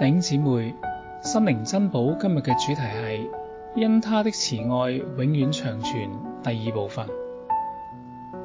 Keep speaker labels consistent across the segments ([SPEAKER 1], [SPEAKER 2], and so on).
[SPEAKER 1] 弟兄姊妹，心靈珍寶今日嘅主題係因他的慈愛永遠長存。第二部分。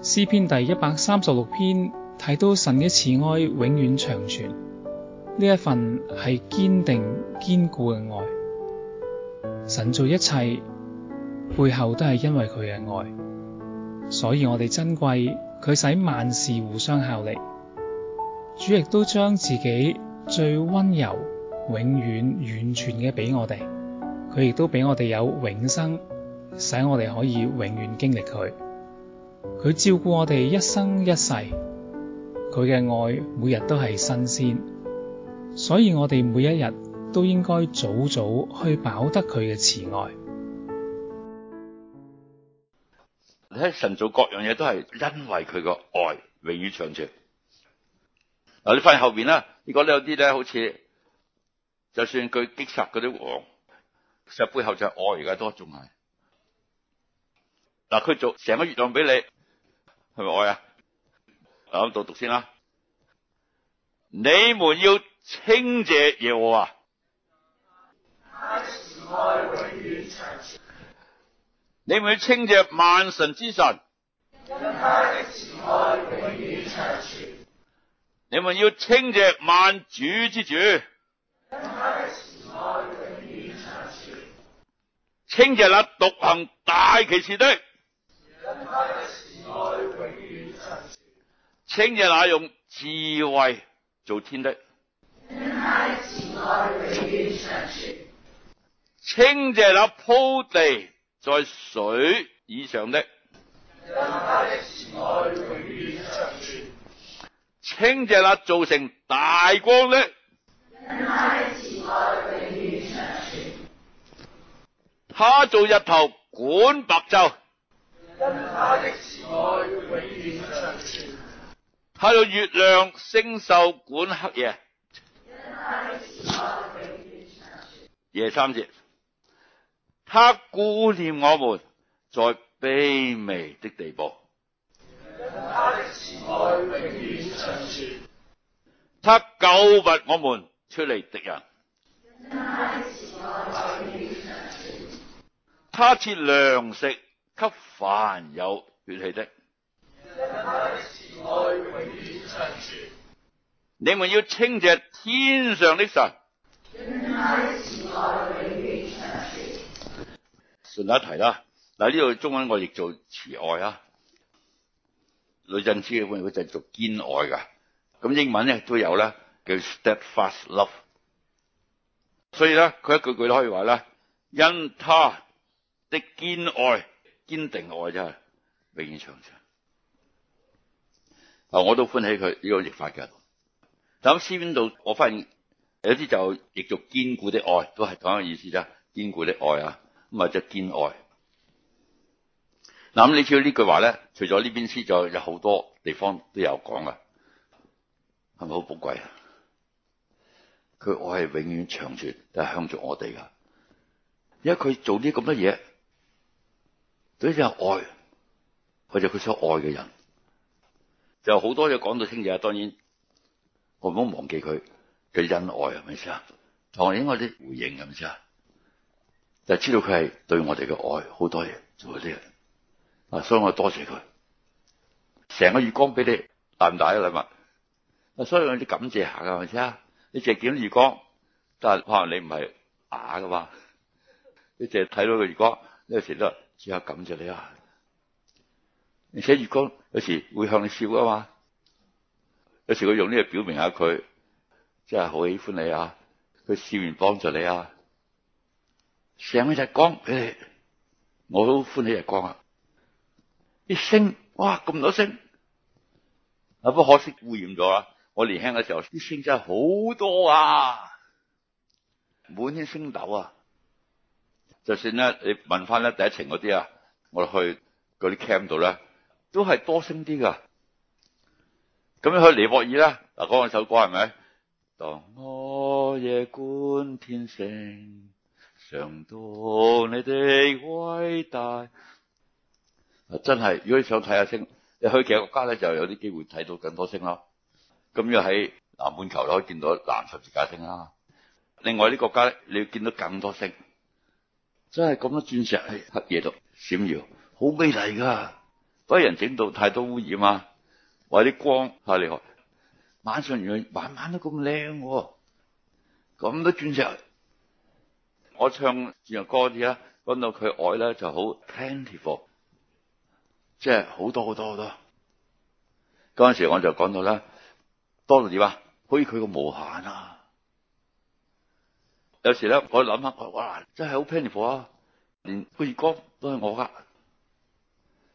[SPEAKER 1] 詩篇第一百三十六篇，睇到神嘅慈愛永遠長存，呢一份係堅定堅固嘅愛。神做一切，背後都係因為佢嘅愛，所以我哋珍貴，佢使萬事互相效力。主亦都將自己最溫柔。永遠完全嘅俾我哋，佢亦都俾我哋有永生，使我哋可以永遠經歷佢。佢照顧我哋一生一世，佢嘅愛每日都係新鮮，所以我哋每一日都應該早早去飽得佢嘅慈愛。睇神做各樣嘢都係因為佢個愛，永遠長存。嗱，你翻去後邊啦，如果你有啲咧，好似。就算佢擊殺嗰啲王，其實背後就係愛，而家都仲係。嗱，佢做成個月亮俾你，係咪愛啊？我諗讀讀先啦。你們要稱謝耶和華，你們要稱謝萬神之神，你們要稱謝萬主之主。稱謝那獨行大奇事的，稱謝那用智慧造天的，稱謝那鋪地在水以上的，稱謝那造成大光的。他造日頭管白晝，系度月亮星宿管黑夜。夜三節，他顧念我們在卑微的地步，他救拔我們脫離敵人。他賜糧食給凡有血氣的。你們要稱謝天上的神。順帶一提啦，嗱呢度中文我譯做慈愛啊，呂振中嘅本嚟佢就係做堅愛噶，咁英文咧都有啦，叫 steadfast love，所以咧佢一句句都可以話咧，因他。的堅愛堅定愛真、就、係、是、永遠長存啊！我都歡喜佢呢、這個譯法嘅。咁詩篇度我發現有啲就譯做堅固的愛，都係同一個意思啫。堅固的愛啊，咁啊就堅愛。嗱、嗯、咁你知道呢句話咧，除咗呢篇詩，就有好多地方都有講噶，係咪好寶貴啊？佢愛係永遠長存，係向住我哋噶，因為佢做啲咁多嘢。所以就愛，佢就佢所愛嘅人，就好多嘢講到清嘅。當然，我唔好忘記佢嘅恩愛係咪先？當然我啲回應係咪先？就是、知道佢係對我哋嘅愛，好多嘢做嗰啲，啊，所以我多謝佢。成個月光俾你大唔大嘅禮物？啊，所以我啲感謝下噶係咪先？你淨係見到月光，但係可能你唔係啞噶嘛？你淨係睇到個月光，呢、這個時都。只係感謝你啊！而且月光有時會向你笑啊嘛，有時佢用呢個表明下佢，真係好喜歡你啊！佢笑完幫助你啊！成日光，誒，我好歡喜日光啊！啲星，哇，咁多星啊！不過可惜污染咗啦。我年輕嘅時候，啲星真係好多啊，滿天星斗啊！就算咧，你問翻咧第一程嗰啲啊，我哋去嗰啲 camp 度咧，都係多星啲噶。咁樣去尼泊爾啦，嗱，講個首歌係咪？當我夜觀天星，常道你哋偉大啊！真係，如果你想睇下星，你去其他國家咧，就有啲機會睇到更多星囉。咁又喺南半球咧，可以見到南十字架星啦。另外啲國家咧，你要見到更多星。真係咁多鑽石喺黑夜度閃耀，好美麗㗎！不過人整到太多污染啊，或者啲光太厲害，晚上原來晚晚都咁靚喎，咁多鑽石。我唱自由歌啲啦，講到佢愛咧就好 plentiful，即係好多好多好多。嗰陣時我就講到咧，多到點啊？可以佢個無限啊！有時咧，我諗下，哇，真係好 plentiful 啊！連、嗯、個月光都係我噶。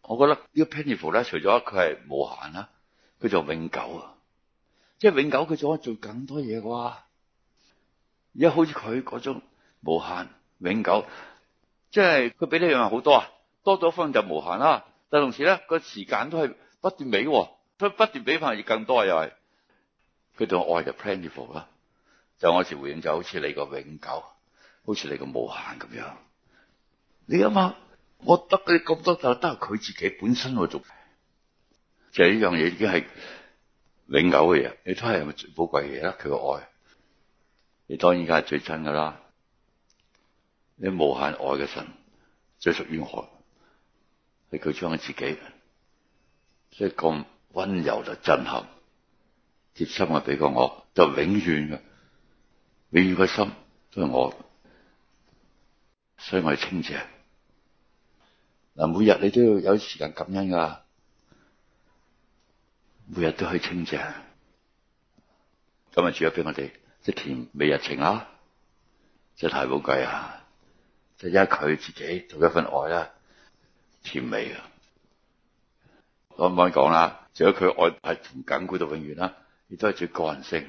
[SPEAKER 1] 我覺得個呢個 plentiful 咧，除咗佢係無限啦，佢就永久啊。即係永久，佢仲可以做更多嘢啩？而家好似佢嗰種無限永久，即係佢俾你嘅好多啊，多咗分就無限啦。但同時咧，個時間都係不斷俾，佢不斷俾翻，越更多又係。佢對我愛就 plentiful 啦、啊。就我一時回應就好似你個永久，好似你個無限咁樣。你諗下，我得你咁多，就都係佢自己本身去做。其實呢樣嘢已經係永久嘅嘢，你都係咪最寶貴嘅嘢啦。佢嘅愛，你當然係最真㗎啦。你無限愛嘅神，最屬於我，係佢將佢自己，即係咁溫柔就震撼、貼心嘅俾過我，就永遠嘅。永遠個心都係我，所以我係清淨。嗱，每日你都要有啲時間感恩噶，每日都去清淨。今日主咗俾我哋，即係甜美日情啊，即係太寶貴啊！即係因佢自己做一份愛啦，甜美啊！可唔可以講啦？除咗佢愛係從堅固到永遠啦，亦都係最個人性。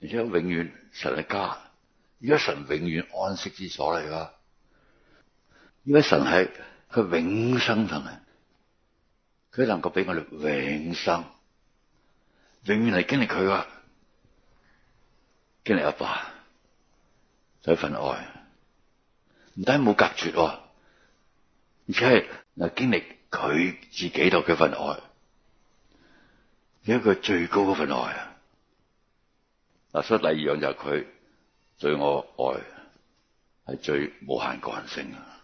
[SPEAKER 1] 而且永遠神嘅家，而家神永遠安息之所嚟㗎。而家神係佢永生同啊，佢能夠俾我哋永生，永遠嚟經歷佢噶，經歷阿爸，爸，就係一份愛，唔單冇隔絕，而且係嗱經歷佢自己度嘅份愛，一個最高嗰份愛啊！提出第二樣，就係佢對我愛係最無限個人性啊！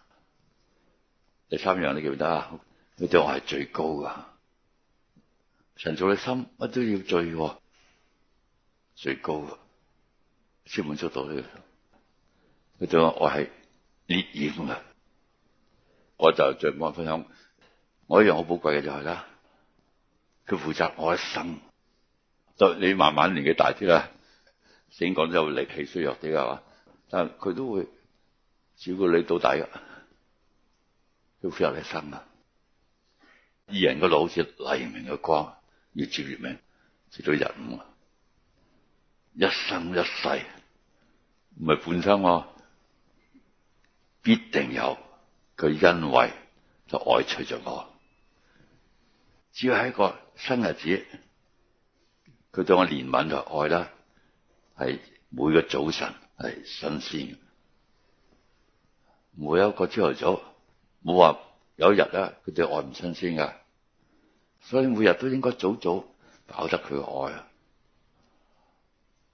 [SPEAKER 1] 第三樣你記唔得啊？佢對我係最高㗎，神造嘅心乜都要最最高先滿足到佢。佢對我愛係烈焰啊！我就最愛分享。我一樣好寶貴嘅就係、是、啦，佢負責我一生。就你慢慢年紀大啲啦。成港就力氣衰弱啲係嘛，但係佢都會照顧你到底噶，要付出一生噶。二人個腦好似黎明嘅光，越照越明，照到日午啊！一生一世，唔係本身我，必定有佢恩惠，就愛取着我。只要喺個新日子，佢對我憐憫就愛啦。係每個早晨係新鮮嘅，每一個朝頭早，冇話有一日咧佢嘅愛唔新鮮噶，所以每日都應該早早飽得佢愛啊。